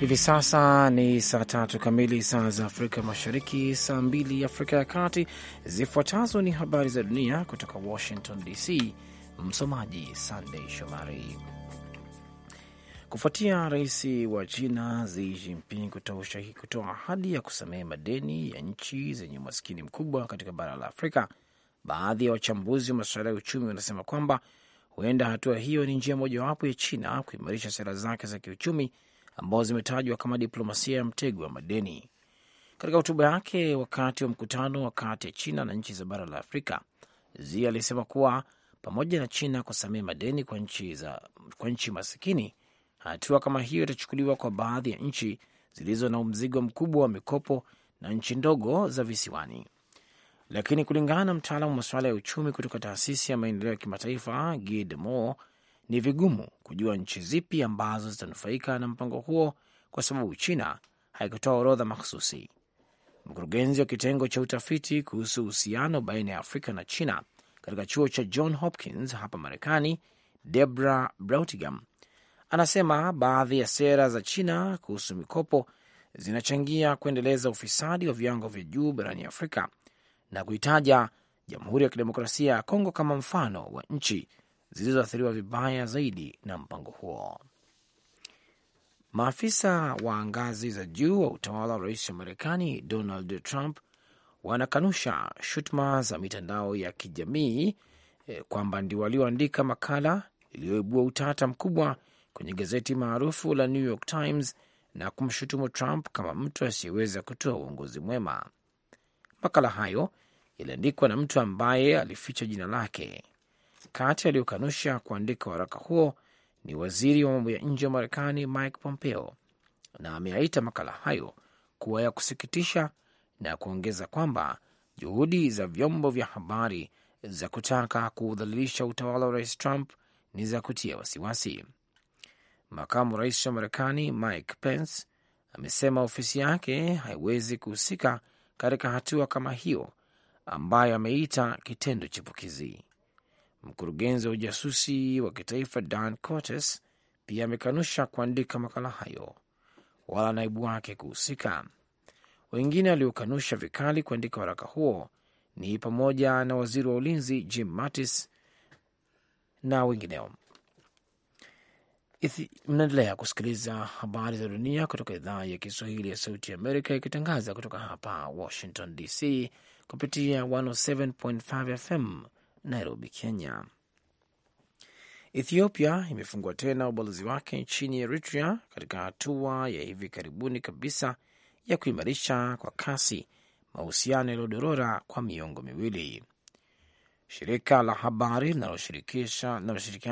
Hivi sasa ni saa tatu kamili saa za Afrika Mashariki, saa mbili Afrika ya Kati. Zifuatazo ni habari za dunia kutoka Washington DC. Msomaji Sandey Shomari. Kufuatia rais wa China Xi Jinping kutoa ahadi ya kusamehe madeni ya nchi zenye umaskini mkubwa katika bara la Afrika, baadhi ya wachambuzi wa masuala ya uchumi wanasema kwamba huenda hatua hiyo ni njia mojawapo ya China kuimarisha sera zake za kiuchumi ambao zimetajwa kama diplomasia ya mtego wa madeni. Katika hotuba yake wakati wa mkutano wa kati ya China na nchi za bara la Afrika, Xi alisema kuwa pamoja na China kusamehe madeni kwa nchi, za, kwa nchi masikini, hatua kama hiyo itachukuliwa kwa baadhi ya nchi zilizo na mzigo mkubwa wa mikopo na nchi ndogo za visiwani. Lakini kulingana na mtaalamu wa masuala ya uchumi kutoka taasisi ya maendeleo ya kimataifa Guy Debord, ni vigumu kujua nchi zipi ambazo zitanufaika na mpango huo kwa sababu China haikutoa orodha mahususi Mkurugenzi wa kitengo cha utafiti kuhusu uhusiano baina ya Afrika na China katika chuo cha John Hopkins hapa Marekani, Debra Brautigam anasema baadhi ya sera za China kuhusu mikopo zinachangia kuendeleza ufisadi wa viwango vya juu barani Afrika na kuitaja Jamhuri ya Kidemokrasia ya Kongo kama mfano wa nchi zilizoathiriwa vibaya zaidi na mpango huo. Maafisa wa ngazi za juu wa utawala wa rais wa Marekani Donald Trump wanakanusha shutuma za mitandao ya kijamii e, kwamba ndio walioandika makala iliyoibua utata mkubwa kwenye gazeti maarufu la New York Times na kumshutumu Trump kama mtu asiyeweza kutoa uongozi mwema. Makala hayo yaliandikwa na mtu ambaye alificha jina lake kati aliyokanusha kuandika waraka huo ni waziri wa mambo ya nje wa Marekani Mike Pompeo, na ameaita makala hayo kuwa ya kusikitisha na kuongeza kwamba juhudi za vyombo vya habari za kutaka kuudhalilisha utawala wa rais Trump ni za kutia wasiwasi. Makamu rais wa Marekani Mike Pence amesema ofisi yake haiwezi kuhusika katika hatua kama hiyo ambayo ameita kitendo chipukizi. Mkurugenzi wa ujasusi wa kitaifa Dan Cortes pia amekanusha kuandika makala hayo wala naibu wake kuhusika. Wengine aliokanusha vikali kuandika waraka huo ni pamoja na waziri wa ulinzi Jim Mattis na wengineo. Mnaendelea kusikiliza habari za dunia kutoka idhaa ya Kiswahili ya Sauti Amerika ikitangaza kutoka hapa Washington DC kupitia 107.5 FM Nairobi, Kenya. Ethiopia imefungua tena ubalozi wake nchini Eritrea katika hatua ya hivi karibuni kabisa ya kuimarisha kwa kasi mahusiano yaliyodorora kwa miongo miwili. Shirika la habari linaloshirikiana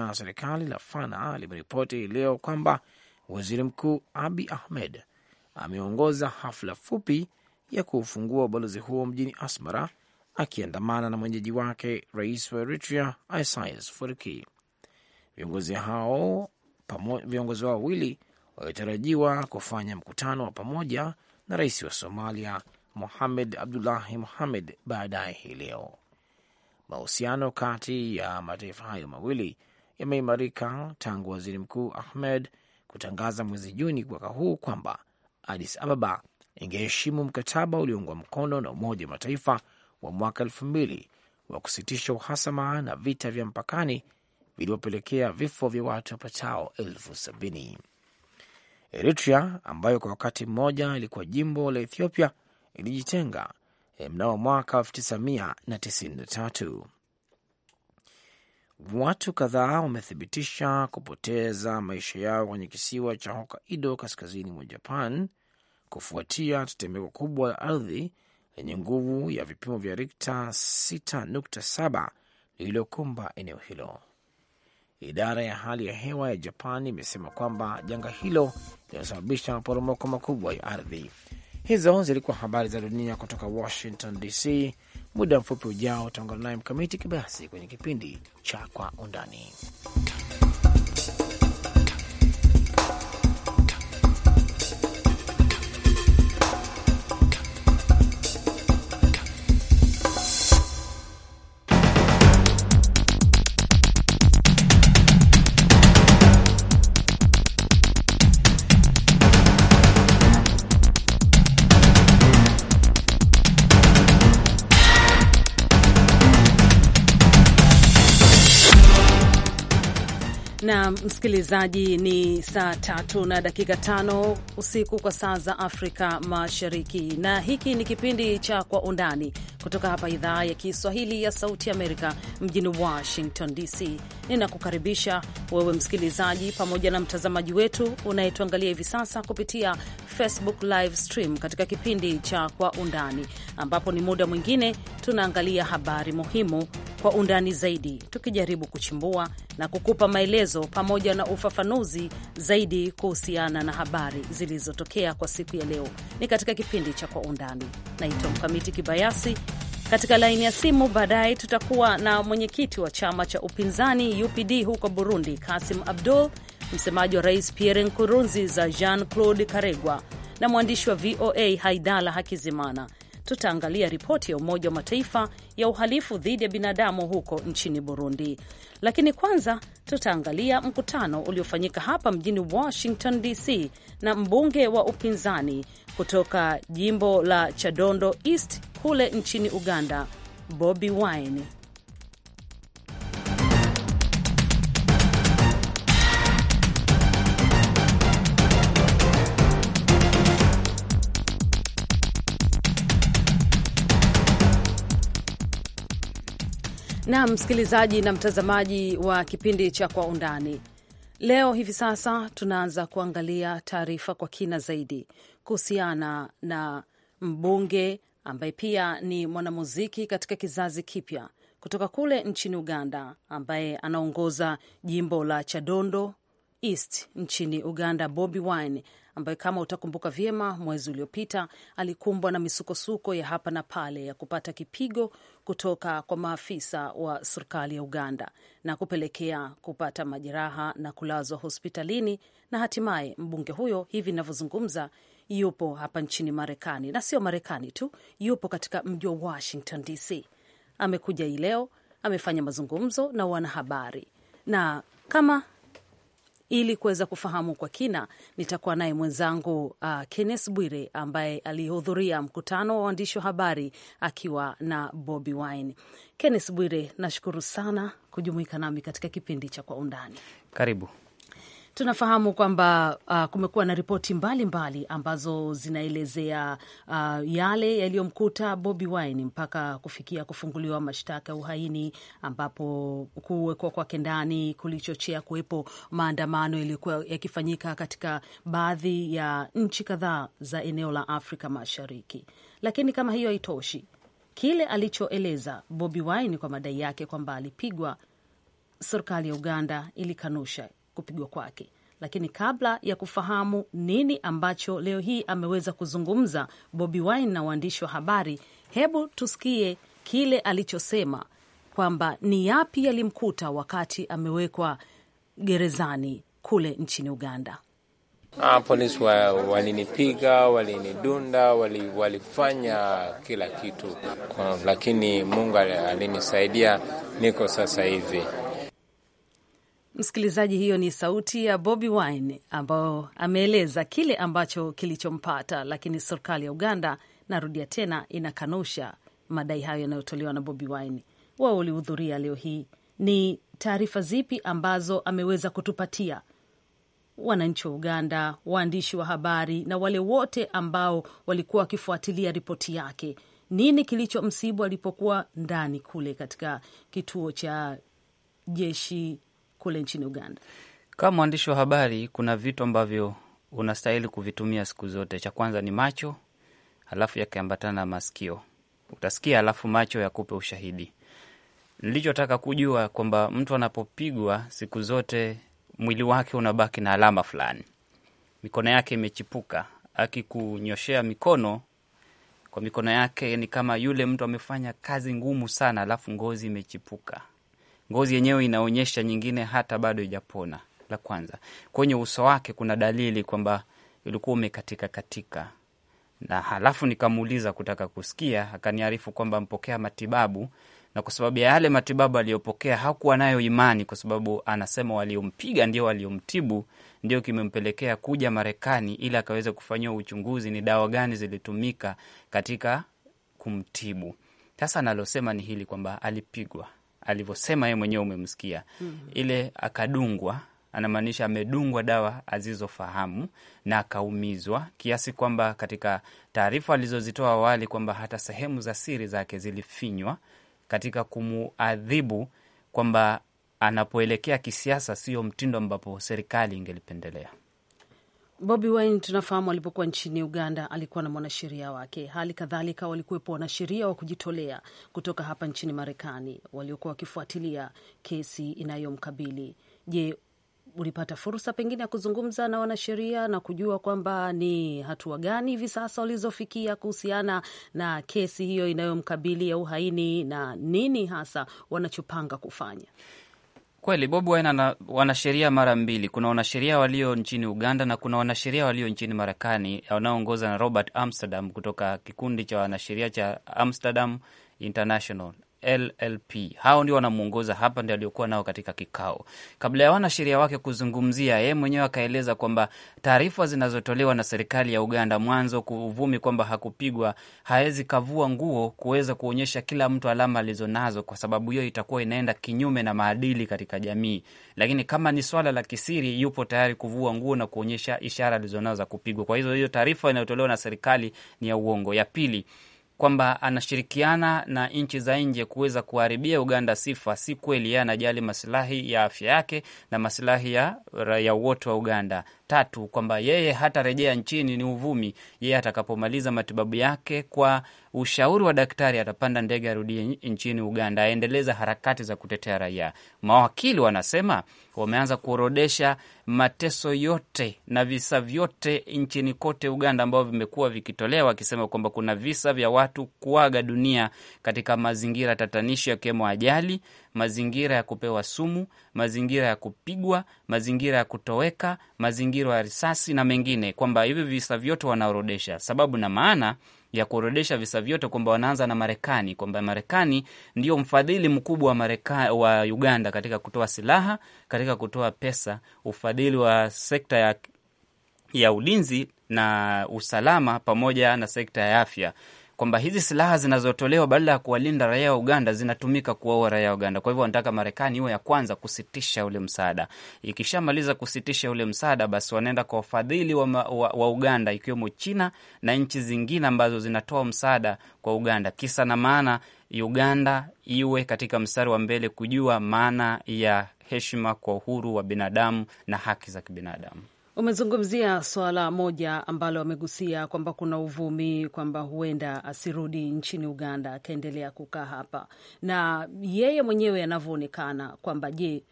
na serikali la Fana limeripoti leo kwamba waziri mkuu Abi Ahmed ameongoza hafla fupi ya kuufungua ubalozi huo mjini Asmara akiandamana na mwenyeji wake rais wa Eritrea Isaias Afwerki. Viongozi hao viongozi wao wawili walitarajiwa kufanya mkutano wa pamoja na rais wa Somalia Mohamed Abdullahi Mohamed baadaye hii leo. Mahusiano kati ya mataifa hayo mawili yameimarika tangu waziri mkuu Ahmed kutangaza mwezi Juni mwaka huu kwamba adis Ababa ingeheshimu mkataba ulioungwa mkono na Umoja wa Mataifa wa mwaka elfu mbili wa kusitisha uhasama na vita vya mpakani vilivyopelekea vifo vya watu wapatao elfu sabini. Eritrea ambayo kwa wakati mmoja ilikuwa jimbo la Ethiopia ilijitenga eh, mnamo mwaka 1993. Watu kadhaa wamethibitisha kupoteza maisha yao kwenye kisiwa cha Hokkaido kaskazini mwa Japan kufuatia tetemeko kubwa la ardhi lenye nguvu ya vipimo vya Rikta 6.7 lililokumba eneo hilo. Idara ya hali ya hewa ya Japan imesema kwamba janga hilo linasababisha maporomoko makubwa ya ardhi. Hizo zilikuwa habari za dunia kutoka Washington DC. Muda mfupi ujao utaungana naye Mkamiti Kibayasi kwenye kipindi cha Kwa Undani. Msikilizaji, ni saa tatu na dakika tano usiku kwa saa za Afrika Mashariki, na hiki ni kipindi cha Kwa Undani kutoka hapa idhaa ya Kiswahili ya Sauti Amerika mjini Washington DC. Ninakukaribisha wewe msikilizaji pamoja na mtazamaji wetu unayetuangalia hivi sasa kupitia Facebook live stream katika kipindi cha Kwa Undani, ambapo ni muda mwingine tunaangalia habari muhimu kwa undani zaidi, tukijaribu kuchimbua na kukupa maelezo pamoja na ufafanuzi zaidi kuhusiana na habari zilizotokea kwa siku ya leo. Ni katika kipindi cha Kwa Undani. Naitwa Mkamiti Kibayasi. Katika laini ya simu baadaye tutakuwa na mwenyekiti wa chama cha upinzani UPD huko Burundi, Kasim Abdul, msemaji wa Rais Pierre Nkurunziza Jean Claude Karegwa na mwandishi wa VOA Haidala Hakizimana tutaangalia ripoti ya Umoja wa Mataifa ya uhalifu dhidi ya binadamu huko nchini Burundi, lakini kwanza tutaangalia mkutano uliofanyika hapa mjini Washington DC na mbunge wa upinzani kutoka jimbo la Chadondo East kule nchini Uganda, Bobi Wine msikilizaji na mtazamaji wa kipindi cha Kwa Undani. Leo hivi sasa tunaanza kuangalia taarifa kwa kina zaidi kuhusiana na mbunge ambaye pia ni mwanamuziki katika kizazi kipya kutoka kule nchini Uganda, ambaye anaongoza jimbo la Chadondo East nchini Uganda, Bobi Wine ambaye kama utakumbuka vyema, mwezi uliopita alikumbwa na misukosuko ya hapa na pale ya kupata kipigo kutoka kwa maafisa wa serikali ya Uganda na kupelekea kupata majeraha na kulazwa hospitalini, na hatimaye mbunge huyo hivi ninavyozungumza yupo hapa nchini Marekani, na sio Marekani tu, yupo katika mji wa Washington DC. Amekuja hii leo, amefanya mazungumzo na wanahabari na kama ili kuweza kufahamu kwa kina, nitakuwa naye mwenzangu uh, Kennes Bwire ambaye alihudhuria mkutano wa waandishi wa habari akiwa na Bobi Wine. kennes Bwire, nashukuru sana kujumuika nami katika kipindi cha Kwa Undani. Karibu tunafahamu kwamba uh, kumekuwa na ripoti mbalimbali ambazo zinaelezea uh, yale yaliyomkuta Bobi Wine mpaka kufikia kufunguliwa mashtaka ya uhaini, ambapo kuwekwa kwake ndani kulichochea kuwepo maandamano yaliyokuwa yakifanyika katika baadhi ya nchi kadhaa za eneo la Afrika Mashariki. Lakini kama hiyo haitoshi, kile alichoeleza Bobi Wine kwa madai yake kwamba alipigwa, serikali ya Uganda ilikanusha kupigwa kwake. Lakini kabla ya kufahamu nini ambacho leo hii ameweza kuzungumza Bobi Wine na waandishi wa habari, hebu tusikie kile alichosema kwamba ni yapi yalimkuta wakati amewekwa gerezani kule nchini Uganda. Ah, polisi walinipiga, walinidunda, wali, walifanya kila kitu kwa, lakini Mungu alinisaidia, niko sasa hivi Msikilizaji, hiyo ni sauti ya Bobi Wine ambayo ameeleza kile ambacho kilichompata, lakini serikali ya Uganda, narudia tena, inakanusha madai hayo yanayotolewa na Bobi Wine. Wao ulihudhuria leo hii, ni taarifa zipi ambazo ameweza kutupatia wananchi wa Uganda, waandishi wa habari na wale wote ambao walikuwa wakifuatilia ripoti yake? Nini kilichomsibu alipokuwa ndani kule katika kituo cha jeshi kule nchini Uganda. Kama mwandishi wa habari, kuna vitu ambavyo unastahili kuvitumia siku zote. Cha kwanza ni macho, alafu yakiambatana na masikio utasikia, alafu macho yakupe ushahidi. Nilichotaka kujua kwamba mtu anapopigwa siku zote mwili wake unabaki na alama fulani, mikono yake imechipuka. Akikunyoshea mikono kwa mikono yake ni kama yule mtu amefanya kazi ngumu sana, alafu ngozi imechipuka ngozi yenyewe inaonyesha nyingine hata bado ijapona, la kwanza. Kwenye uso wake kuna dalili kwamba ulikuwa umekatika katika, na halafu nikamuuliza kutaka kusikia, akaniarifu kwamba mpokea matibabu na kwa sababu ya yale matibabu aliyopokea hakuwa nayo imani, kwa sababu anasema waliompiga ndio waliomtibu, ndio kimempelekea kuja Marekani ili akaweza kufanyiwa uchunguzi ni dawa gani zilitumika katika kumtibu. Sasa analosema ni hili kwamba alipigwa alivyosema yeye mwenyewe umemsikia. mm -hmm. Ile akadungwa, anamaanisha amedungwa dawa azizofahamu na akaumizwa kiasi kwamba katika taarifa alizozitoa awali kwamba hata sehemu za siri zake zilifinywa katika kumuadhibu kwamba anapoelekea kisiasa sio mtindo ambapo serikali ingelipendelea. Bobi Wine tunafahamu alipokuwa nchini Uganda alikuwa na mwanasheria wake. Hali kadhalika walikuwepo wanasheria wa kujitolea kutoka hapa nchini Marekani waliokuwa wakifuatilia kesi inayomkabili. Je, ulipata fursa pengine ya kuzungumza na wanasheria na kujua kwamba ni hatua gani hivi sasa walizofikia kuhusiana na kesi hiyo inayomkabili ya uhaini na nini hasa wanachopanga kufanya? Kweli Bobi Wine ana wanasheria mara mbili. Kuna wanasheria walio nchini Uganda na kuna wanasheria walio nchini Marekani, wanaoongoza na Robert Amsterdam kutoka kikundi cha wanasheria cha Amsterdam International. LLP. Hao ndio wanamwongoza hapa, ndio aliokuwa nao katika kikao kabla ya wanasheria wake kuzungumzia. Yeye mwenyewe akaeleza kwamba taarifa zinazotolewa na serikali ya Uganda mwanzo kuvumi kwamba hakupigwa, hawezi kavua nguo kuweza kuonyesha kila mtu alama alizonazo, kwa sababu hiyo itakuwa inaenda kinyume na maadili katika jamii. Lakini kama ni swala la kisiri, yupo tayari kuvua nguo na kuonyesha ishara alizonazo za kupigwa. Kwa hizo hiyo taarifa inayotolewa na serikali ni ya uongo. Ya pili kwamba anashirikiana na nchi za nje kuweza kuharibia Uganda sifa, si kweli. Yeye anajali masilahi ya afya yake na masilahi ya raia wote wa Uganda tatu kwamba yeye hatarejea nchini ni uvumi. Yeye atakapomaliza matibabu yake kwa ushauri wa daktari, atapanda ndege arudie nchini Uganda aendeleza harakati za kutetea raia. Mawakili wanasema wameanza kuorodesha mateso yote na visa vyote nchini kote Uganda ambavyo vimekuwa vikitolewa, wakisema kwamba kuna visa vya watu kuaga dunia katika mazingira tatanishi, yakiwemo ajali mazingira ya kupewa sumu, mazingira ya kupigwa, mazingira ya kutoweka, mazingira ya risasi na mengine, kwamba hivi visa vyote wanaorodesha sababu na maana ya kuorodesha visa vyote, kwamba wanaanza na Marekani, kwamba Marekani ndio mfadhili mkubwa wa Marekani, wa Uganda katika kutoa silaha, katika kutoa pesa, ufadhili wa sekta ya, ya ulinzi na usalama pamoja na sekta ya afya kwamba hizi silaha zinazotolewa badala ya kuwalinda raia wa Uganda zinatumika kuwaua raia wa Uganda. Kwa hivyo wanataka Marekani iwe ya kwanza kusitisha ule msaada. Ikishamaliza kusitisha ule msaada, basi wanaenda kwa wafadhili wa, wa, wa Uganda, ikiwemo China na nchi zingine ambazo zinatoa msaada kwa Uganda. Kisa na maana Uganda iwe katika mstari wa mbele kujua maana ya heshima kwa uhuru wa binadamu na haki za kibinadamu. Umezungumzia swala moja ambalo amegusia kwamba kuna uvumi kwamba huenda asirudi nchini Uganda, akaendelea kukaa hapa, na yeye mwenyewe anavyoonekana kwamba je,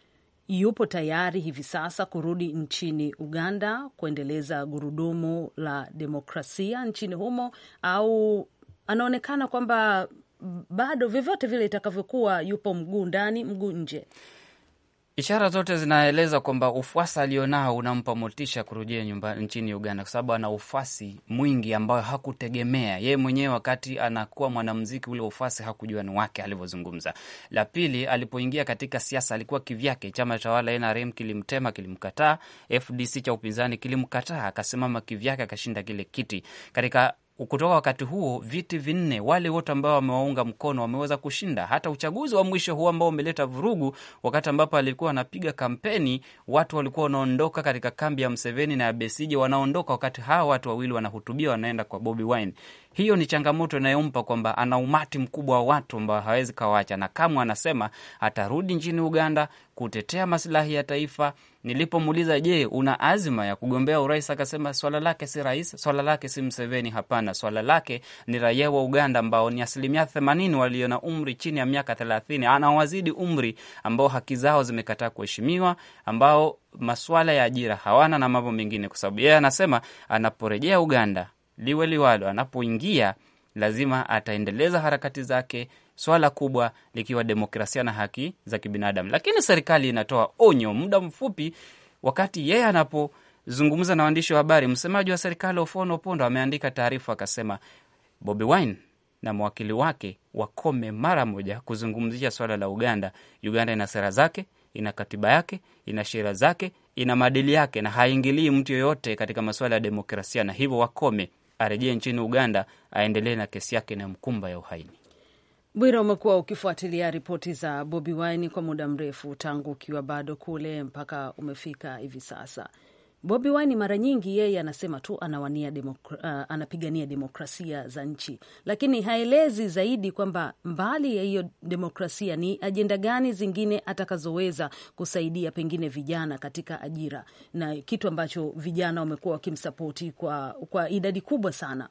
yupo tayari hivi sasa kurudi nchini Uganda kuendeleza gurudumu la demokrasia nchini humo, au anaonekana kwamba bado vyovyote vile itakavyokuwa, yupo mguu ndani mguu nje. Ishara zote zinaeleza kwamba ufuasi alionao unampa motisha kurujia nyumba nchini Uganda, kwa sababu ana ufuasi mwingi ambayo hakutegemea yeye mwenyewe. Wakati anakuwa mwanamuziki, ule ufuasi hakujua ni wake, alivyozungumza. La pili, alipoingia katika siasa alikuwa kivyake. Chama tawala NRM kilimtema, kilimkataa. FDC cha upinzani kilimkataa, akasimama kivyake, akashinda kile kiti. Katika kutoka wakati huo viti vinne, wale wote ambao wamewaunga mkono wameweza kushinda. Hata uchaguzi wa mwisho huu ambao umeleta vurugu, wakati ambapo alikuwa anapiga kampeni, watu walikuwa wanaondoka katika kambi ya Mseveni na ya Besije, wanaondoka wakati hawa watu wawili wanahutubia, wanaenda kwa Bobi Wine. Hiyo ni changamoto inayompa kwamba ana umati mkubwa wa watu ambao hawezi kawacha, na kamwe anasema atarudi nchini Uganda kutetea masilahi ya taifa. Nilipomuuliza, je, una azma ya kugombea urais? Akasema swala lake si rais, swala lake si Mseveni. Hapana, swala lake ni raia wa Uganda ambao ni asilimia themanini walio na umri chini ya miaka thelathini, anawazidi umri, ambao haki zao zimekataa kuheshimiwa, ambao maswala ya ajira hawana na mambo mengine, kwa sababu yeye anasema anaporejea Uganda liwe liwalo, anapoingia lazima ataendeleza harakati zake, swala kubwa likiwa demokrasia na haki za kibinadamu. Lakini serikali inatoa onyo muda mfupi wakati yeye anapozungumza na waandishi wa habari. Msemaji wa serikali Ofono Opondo ameandika taarifa akasema, Bobi Wine na mwakili wake wakome mara moja kuzungumzia swala la Uganda. Uganda ina sera zake, ina katiba yake, ina sheria zake, ina maadili yake na haingilii mtu yoyote katika masuala ya demokrasia, na hivyo wakome arejee nchini Uganda aendelee na kesi yake inayomkumba ya uhaini. Bwira, umekuwa ukifuatilia ripoti za Bobi Wine kwa muda mrefu, tangu ukiwa bado kule mpaka umefika hivi sasa. Bobi Wine mara nyingi yeye anasema tu anawania demokra, uh, anapigania demokrasia za nchi, lakini haelezi zaidi kwamba mbali ya hiyo demokrasia ni ajenda gani zingine atakazoweza kusaidia pengine vijana katika ajira, na kitu ambacho vijana wamekuwa wakimsapoti kwa, kwa idadi kubwa sana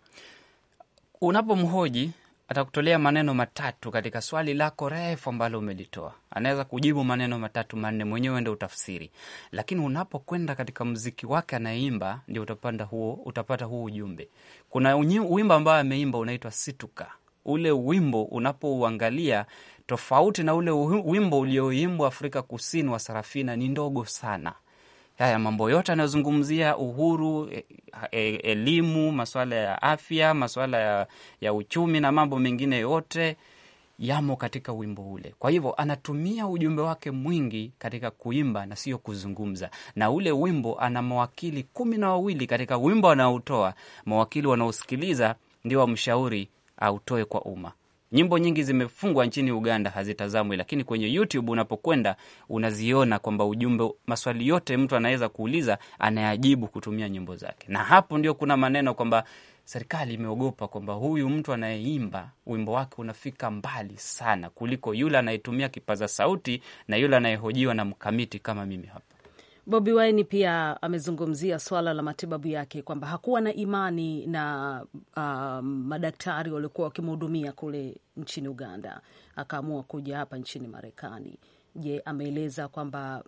unapomhoji atakutolea maneno matatu katika swali lako refu ambalo umelitoa. Anaweza kujibu maneno matatu manne, mwenyewe ndo utafsiri. Lakini unapokwenda katika mziki wake anayeimba, ndio utapanda huo, utapata huo ujumbe. Kuna wimbo ambao ameimba unaitwa Situka. Ule wimbo unapouangalia tofauti na ule wimbo ulioimbwa Afrika Kusini wa Sarafina ni ndogo sana haya mambo yote anayozungumzia uhuru, e, e, elimu, masuala ya afya, masuala ya, ya uchumi na mambo mengine yote yamo katika wimbo ule. Kwa hivyo anatumia ujumbe wake mwingi katika kuimba na sio kuzungumza, na ule wimbo ana mawakili kumi na wawili katika wimbo anaoutoa Mawakili wanaosikiliza ndio wamshauri autoe kwa umma. Nyimbo nyingi zimefungwa nchini Uganda, hazitazamwi, lakini kwenye YouTube unapokwenda unaziona kwamba ujumbe, maswali yote mtu anaweza kuuliza anayajibu kutumia nyimbo zake, na hapo ndio kuna maneno kwamba serikali imeogopa kwamba huyu mtu anayeimba wimbo wake unafika mbali sana kuliko yule anayetumia kipaza sauti na yule anayehojiwa na mkamiti kama mimi hapa. Bobi Wine pia amezungumzia swala la matibabu yake kwamba hakuwa na imani na uh, madaktari waliokuwa wakimhudumia kule nchini Uganda, akaamua kuja hapa nchini Marekani. Je, ameeleza kwamba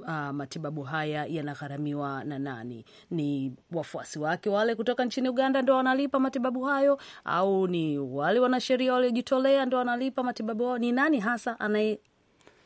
Uh, matibabu haya yanagharamiwa na nani? Ni wafuasi wake wale kutoka nchini Uganda ndo wanalipa matibabu hayo, au ni wale wanasheria waliojitolea ndo wanalipa matibabu hayo? Ni nani hasa anaye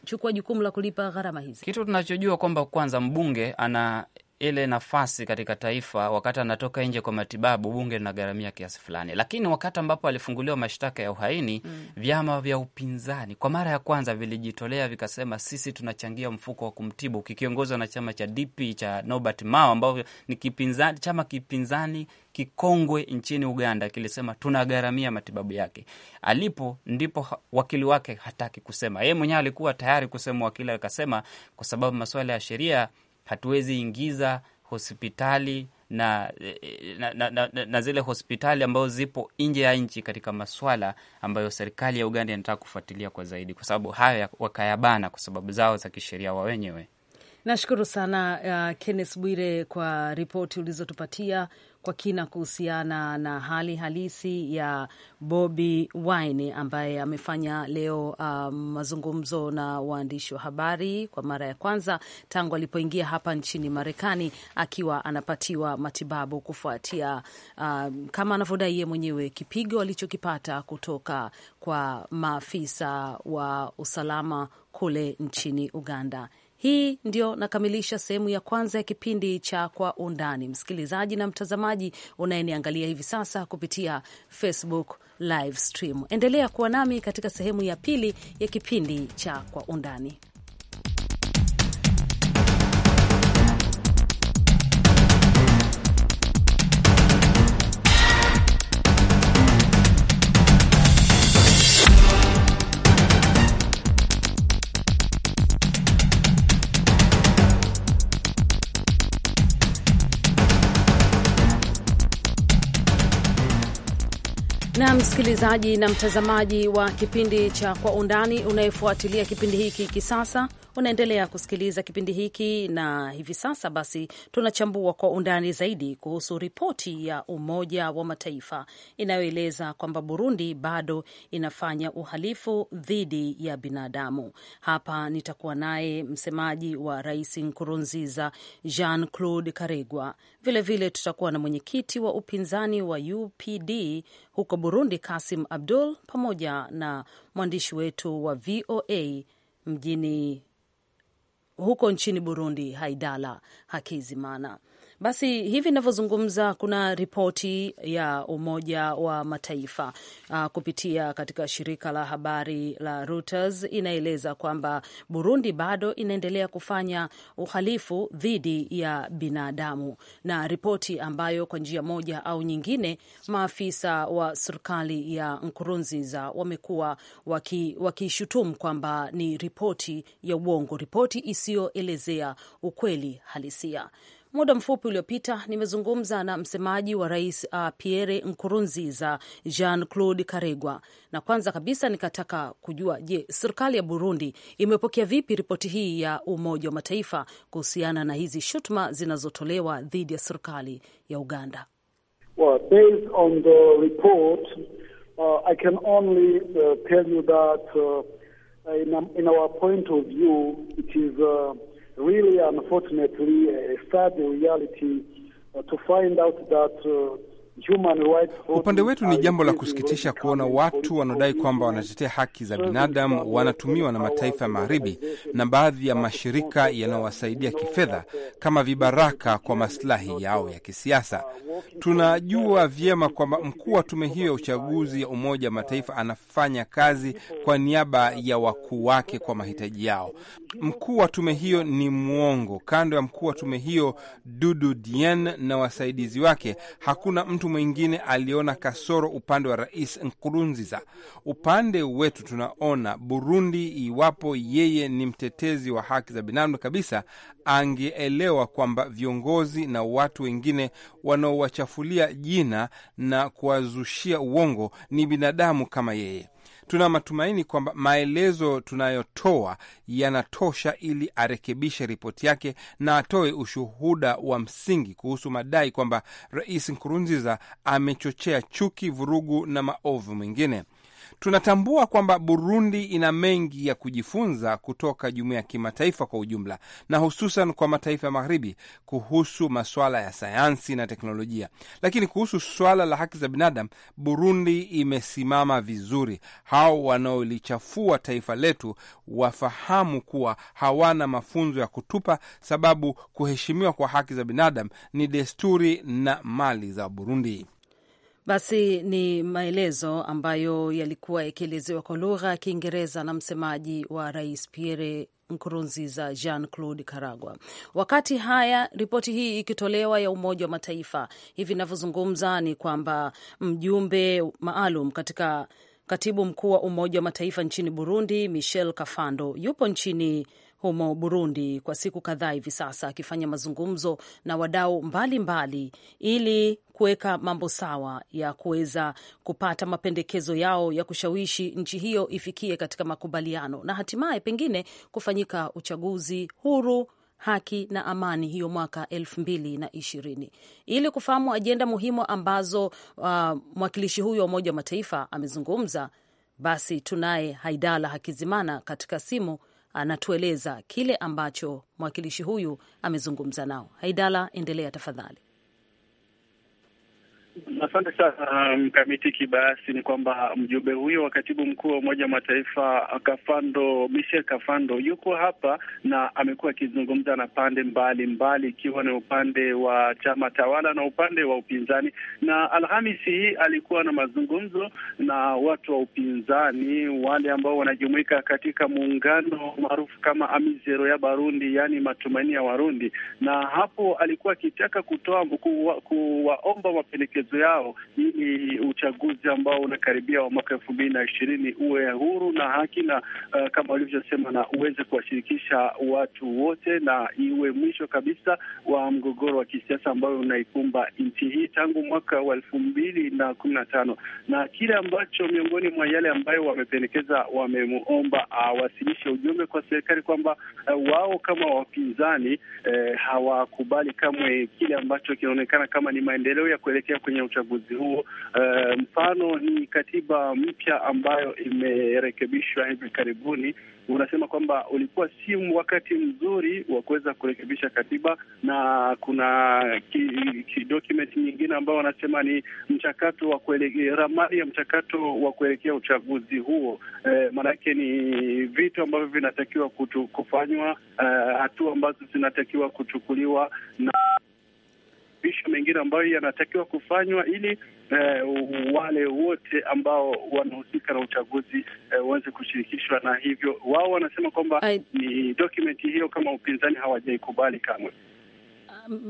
chukua jukumu la kulipa gharama hizi? Kitu tunachojua kwamba kwanza mbunge ana ile nafasi katika taifa wakati anatoka nje kwa matibabu, bunge linagharamia kiasi fulani, lakini wakati ambapo alifunguliwa mashtaka ya uhaini mm, vyama vya upinzani kwa mara ya kwanza vilijitolea vikasema, sisi tunachangia mfuko wa kumtibu, kikiongozwa na chama cha DP cha Norbert Mao ambao ni kipinzani, chama kipinzani kikongwe nchini Uganda kilisema tunagharamia matibabu yake. Alipo ndipo wakili wake hataki kusema, yeye mwenyewe alikuwa tayari kusema, wakili akasema kwa sababu masuala ya sheria hatuwezi ingiza hospitali na, na, na, na, na zile hospitali ambazo zipo nje ya nchi katika maswala ambayo serikali ya Uganda inataka kufuatilia kwa zaidi, kwa sababu hayo wakayabana kwa sababu zao za kisheria wa wenyewe. Nashukuru sana uh, Kenneth Bwire kwa ripoti ulizotupatia kwa kina kuhusiana na hali halisi ya Bobi Wine ambaye amefanya leo uh, mazungumzo na waandishi wa habari kwa mara ya kwanza tangu alipoingia hapa nchini Marekani akiwa anapatiwa matibabu kufuatia uh, kama anavyodai yeye mwenyewe kipigo alichokipata kutoka kwa maafisa wa usalama kule nchini Uganda. Hii ndio nakamilisha sehemu ya kwanza ya kipindi cha Kwa Undani. Msikilizaji na mtazamaji unayeniangalia hivi sasa kupitia Facebook live stream, endelea kuwa nami katika sehemu ya pili ya kipindi cha Kwa Undani. na msikilizaji na mtazamaji wa kipindi cha Kwa Undani unayefuatilia kipindi hiki kisasa Unaendelea kusikiliza kipindi hiki, na hivi sasa basi tunachambua kwa undani zaidi kuhusu ripoti ya Umoja wa Mataifa inayoeleza kwamba Burundi bado inafanya uhalifu dhidi ya binadamu. Hapa nitakuwa naye msemaji wa Rais Nkurunziza, Jean Claude Karegwa. Vilevile tutakuwa na mwenyekiti wa upinzani wa UPD huko Burundi, Kasim Abdul, pamoja na mwandishi wetu wa VOA mjini huko nchini Burundi, Haidala Hakizimana. Basi hivi ninavyozungumza, kuna ripoti ya Umoja wa Mataifa uh, kupitia katika shirika la habari la Reuters inaeleza kwamba Burundi bado inaendelea kufanya uhalifu dhidi ya binadamu, na ripoti ambayo kwa njia moja au nyingine maafisa wa serikali ya Nkurunziza wamekuwa wakishutumu waki kwamba ni ripoti ya uongo, ripoti isiyoelezea ukweli halisia. Muda mfupi uliopita nimezungumza na msemaji wa rais uh, Pierre Nkurunziza, Jean Claude Karegwa, na kwanza kabisa nikataka kujua, je, serikali ya Burundi imepokea vipi ripoti hii ya Umoja wa Mataifa kuhusiana na hizi shutuma zinazotolewa dhidi ya serikali ya Uganda? Well, based on the report, uh, I can only uh, tell you that uh, in, in our point of view it is uh, really unfortunately a sad reality uh, to find out that uh, Upande wetu ni jambo la kusikitisha kuona watu wanaodai kwamba wanatetea haki za binadamu uh, wanatumiwa na mataifa ya Magharibi na baadhi ya mashirika yanayowasaidia kifedha kama vibaraka kwa maslahi yao ya kisiasa. Tunajua vyema kwamba mkuu wa tume hiyo ya uchaguzi ya Umoja wa Mataifa anafanya kazi kwa niaba ya wakuu wake kwa mahitaji yao mkuu wa tume hiyo ni mwongo. Kando ya mkuu wa tume hiyo Dudu Dien na wasaidizi wake, hakuna mtu mwingine aliona kasoro upande wa Rais Nkurunziza. Upande wetu tunaona Burundi, iwapo yeye ni mtetezi wa haki za binadamu kabisa, angeelewa kwamba viongozi na watu wengine wanaowachafulia jina na kuwazushia uongo ni binadamu kama yeye. Tuna matumaini kwamba maelezo tunayotoa yanatosha ili arekebishe ripoti yake na atoe ushuhuda wa msingi kuhusu madai kwamba Rais Nkurunziza amechochea chuki, vurugu na maovu mengine. Tunatambua kwamba Burundi ina mengi ya kujifunza kutoka jumuiya ya kimataifa kwa ujumla, na hususan kwa mataifa ya Magharibi kuhusu masuala ya sayansi na teknolojia, lakini kuhusu swala la haki za binadamu Burundi imesimama vizuri. Hao wanaolichafua taifa letu wafahamu kuwa hawana mafunzo ya kutupa, sababu kuheshimiwa kwa haki za binadamu ni desturi na mali za Burundi. Basi ni maelezo ambayo yalikuwa yakielezewa kwa lugha ya Kiingereza na msemaji wa rais Pierre Nkurunziza Jean Claude Karagwa. Wakati haya ripoti hii ikitolewa ya Umoja wa Mataifa, hivi inavyozungumza ni kwamba mjumbe maalum katika katibu mkuu wa Umoja wa Mataifa nchini Burundi Michel Kafando yupo nchini humo Burundi kwa siku kadhaa hivi sasa, akifanya mazungumzo na wadau mbalimbali ili kuweka mambo sawa ya kuweza kupata mapendekezo yao ya kushawishi nchi hiyo ifikie katika makubaliano na hatimaye pengine kufanyika uchaguzi huru haki na amani hiyo mwaka elfu mbili na ishirini. Ili kufahamu ajenda muhimu ambazo uh, mwakilishi huyo wa Umoja wa Mataifa amezungumza, basi tunaye Haidala Hakizimana katika simu anatueleza kile ambacho mwakilishi huyu amezungumza nao. Haidala, endelea tafadhali. Asante sana mkamiti. Um, kibayasi ni kwamba mjumbe huyo wa katibu mkuu wa Umoja wa Mataifa Kafando, Michel Kafando yuko hapa na amekuwa akizungumza na pande mbalimbali, ikiwa ni upande wa chama tawala na upande wa upinzani. Na Alhamisi hii alikuwa na mazungumzo na watu wa upinzani, wale ambao wanajumuika katika muungano maarufu kama Amizero ya Barundi, yaani matumaini ya Warundi, na hapo alikuwa akitaka kutoa kuwaomba mapendekezo mazungumzo yao ili uchaguzi ambao unakaribia wa mwaka elfu mbili na ishirini uwe huru na haki na uh, kama walivyosema na uweze kuwashirikisha watu wote na iwe mwisho kabisa wa mgogoro wa kisiasa ambayo unaikumba nchi hii tangu mwaka wa elfu mbili na kumi na tano na kile ambacho miongoni mwa yale ambayo wamependekeza, wamemuomba awasilishe uh, ujumbe kwa serikali kwamba uh, wao kama wapinzani uh, hawakubali kamwe kile ambacho kinaonekana kama ni maendeleo ya kuelekea kwenye kufanya uchaguzi huo. Uh, mfano ni katiba mpya ambayo imerekebishwa hivi karibuni unasema kwamba ulikuwa si wakati mzuri wa kuweza kurekebisha katiba, na kuna kidokumenti ki nyingine ambayo wanasema ni mchakato wa kuelekea ramani ya mchakato wa kuelekea uchaguzi huo. E, maanake ni vitu ambavyo vinatakiwa kutu, kufanywa, eh, hatua e, ambazo zinatakiwa kuchukuliwa na marekebisho mengine ambayo yanatakiwa kufanywa ili eh, wale wote ambao wanahusika na uchaguzi eh, waweze kushirikishwa, na hivyo wao wanasema kwamba I... ni dokumenti hiyo kama upinzani hawajaikubali kamwe.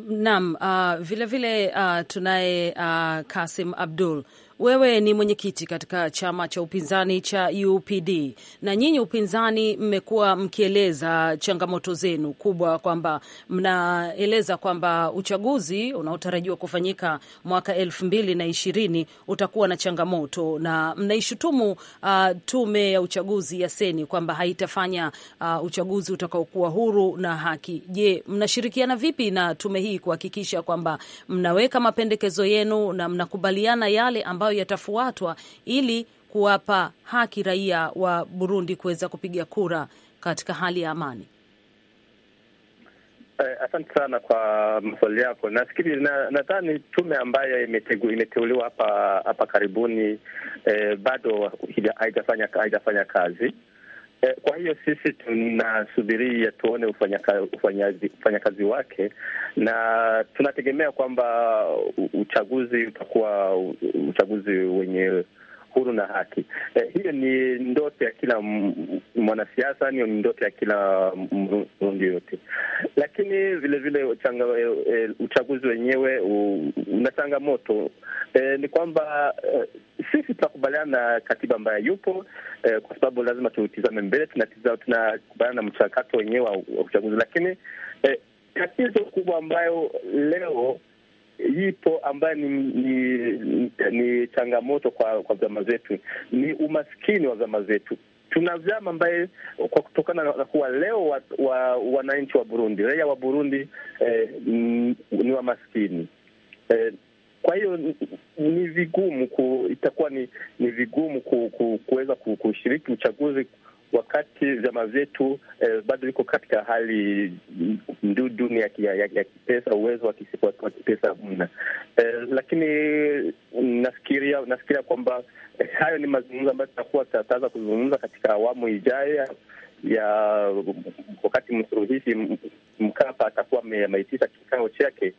Naam, uh, ah, vilevile uh, ah, tunaye uh, Kasim Abdul wewe ni mwenyekiti katika chama cha upinzani cha UPD na nyinyi upinzani mmekuwa mkieleza changamoto zenu kubwa, kwamba mnaeleza kwamba uchaguzi unaotarajiwa kufanyika mwaka elfu mbili na ishirini utakuwa na changamoto, na mnaishutumu uh, tume ya uchaguzi ya Seni kwamba haitafanya uh, uchaguzi utakaokuwa huru na haki. Je, mnashirikiana vipi na tume hii kuhakikisha kwamba mnaweka mapendekezo yenu na mnakubaliana yale ambayo ambayo yatafuatwa ili kuwapa haki raia wa Burundi kuweza kupiga kura katika hali ya amani? Eh, asante sana kwa maswali yako. Nafikiri na, nadhani tume ambayo imeteuliwa hapa hapa karibuni eh, bado haijafanya haijafanya kazi Eh, kwa hiyo sisi tunasubiria tuone ufanyakazi ufanya, ufanya wake, na tunategemea kwamba uchaguzi utakuwa uchaguzi wenye huru na haki. Eh, hiyo ni ndoto ya kila mwanasiasa, niyo ni ndoto ya kila Mrundi yote, lakini vilevile eh, eh, uchaguzi wenyewe una changamoto eh, ni kwamba eh, sisi tunakubaliana na katiba ambayo yupo eh, kwa sababu lazima tutizame mbele, tunakubaliana na mchakato wenyewe wa uchaguzi, lakini eh, tatizo kubwa ambayo leo ipo ambayo ni, ni, ni changamoto kwa kwa vyama zetu ni umaskini wa vyama zetu. Tuna vyama ambaye kwa kutokana na kuwa leo wananchi wa, wa, wa Burundi, raia wa Burundi eh, ni wamaskini eh, kwa hiyo ni vigumu ku, itakuwa ni ni vigumu kuweza ku, kuweza kushiriki uchaguzi wakati vyama vyetu eh, bado viko katika hali duni ya, ya, ya kipesa, uwezo wa kipesa mna eh, lakini nafikiria nafikiria kwamba eh, hayo ni mazungumzo ambayo tutakuwa tutaweza kuzungumza katika awamu ijayo ya wakati msuruhishi Mkapa atakuwa ameitisha kikao chake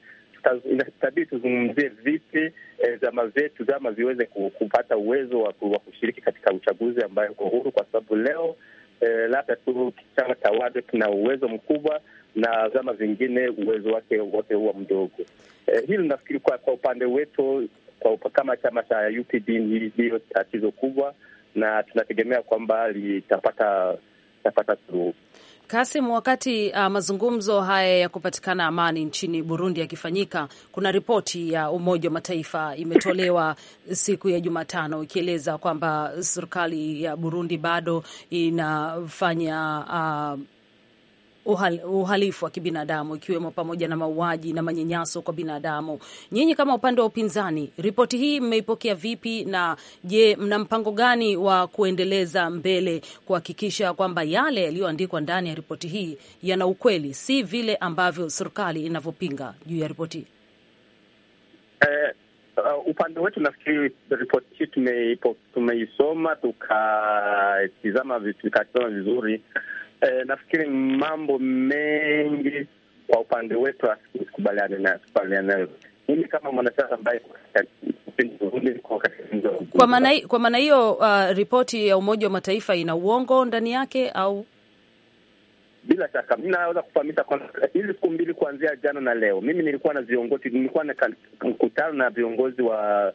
inatabidi tuzungumzie vipi eh, vyama vyetu vyama viweze kupata uwezo wa kushiriki katika uchaguzi ambayo uko huru, kwa sababu leo e, labda tu chama tawala kina uwezo mkubwa na vyama vingine uwezo wake wote huwa mdogo. E, hili nafikiri kwa, kwa upande wetu kwa upa, kama chama cha UPD ndiyo tatizo kubwa, na tunategemea kwamba litapata tapata suluhu. Kasim, wakati uh, mazungumzo haya ya kupatikana amani nchini Burundi yakifanyika, kuna ripoti ya Umoja wa Mataifa imetolewa siku ya Jumatano ikieleza kwamba serikali ya Burundi bado inafanya uh, uhalifu wa kibinadamu ikiwemo pamoja na mauaji na manyanyaso kwa binadamu. Nyinyi kama upande wa upinzani, ripoti hii mmeipokea vipi? Na je, mna mpango gani wa kuendeleza mbele kuhakikisha kwamba yale yaliyoandikwa ndani ya ripoti hii yana ukweli, si vile ambavyo serikali inavyopinga juu ya ripoti hii? Eh, uh, upande wetu nafikiri ripoti hii tumeisoma tukaitizama tukatizama vizuri eh, nafikiri mambo mengi kwa upande wetu asikubaliane na nayo mimi kama mwanasiasa ambaye kwa maana hiyo, uh, ripoti ya Umoja wa Mataifa ina uongo ndani yake au bila shaka mi naweza kufahamisha kwamba hizi siku mbili kuanzia jana na leo, mimi nilikuwa na viongozi, nilikuwa na mkutano na viongozi wa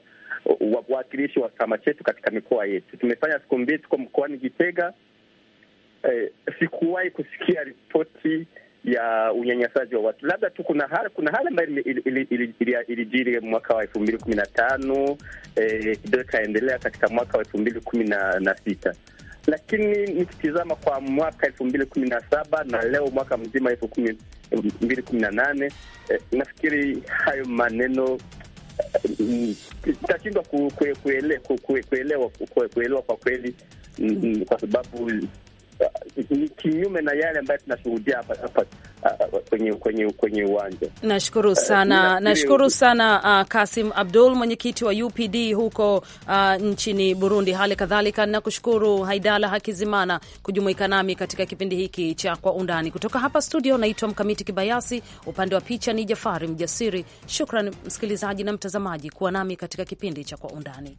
wawakilishi wa chama chetu katika mikoa yetu. Tumefanya siku mbili, tuko mkoani Gitega, eh, sikuwahi kusikia ripoti ya unyanyasaji wa watu. Labda tu kuna hali kuna hali ambayo ilijiri mwaka wa elfu mbili kumi na tano kidogo eh, ikaendelea katika mwaka wa elfu mbili kumi na sita lakini nikitizama kwa mwaka elfu mbili kumi na saba na leo mwaka mzima elfu mbili kumi na nane eh, nafikiri hayo maneno eh, itashindwa kuelewa kwa kweli, mm, mm, kwa sababu kinyume na yale ambayo tunashuhudia hapa hapa ah, kwenye kwenye kwenye uwanja. Nashukuru eh, sana, nashukuru sana uh, Kasim Abdul, mwenyekiti wa UPD huko uh, nchini Burundi. Hali kadhalika nakushukuru Haidala Hakizimana kujumuika nami katika kipindi hiki cha Kwa Undani kutoka hapa studio. Naitwa Mkamiti Kibayasi, upande wa picha ni Jafari Mjasiri. Shukran msikilizaji na mtazamaji kuwa nami katika kipindi cha Kwa Undani.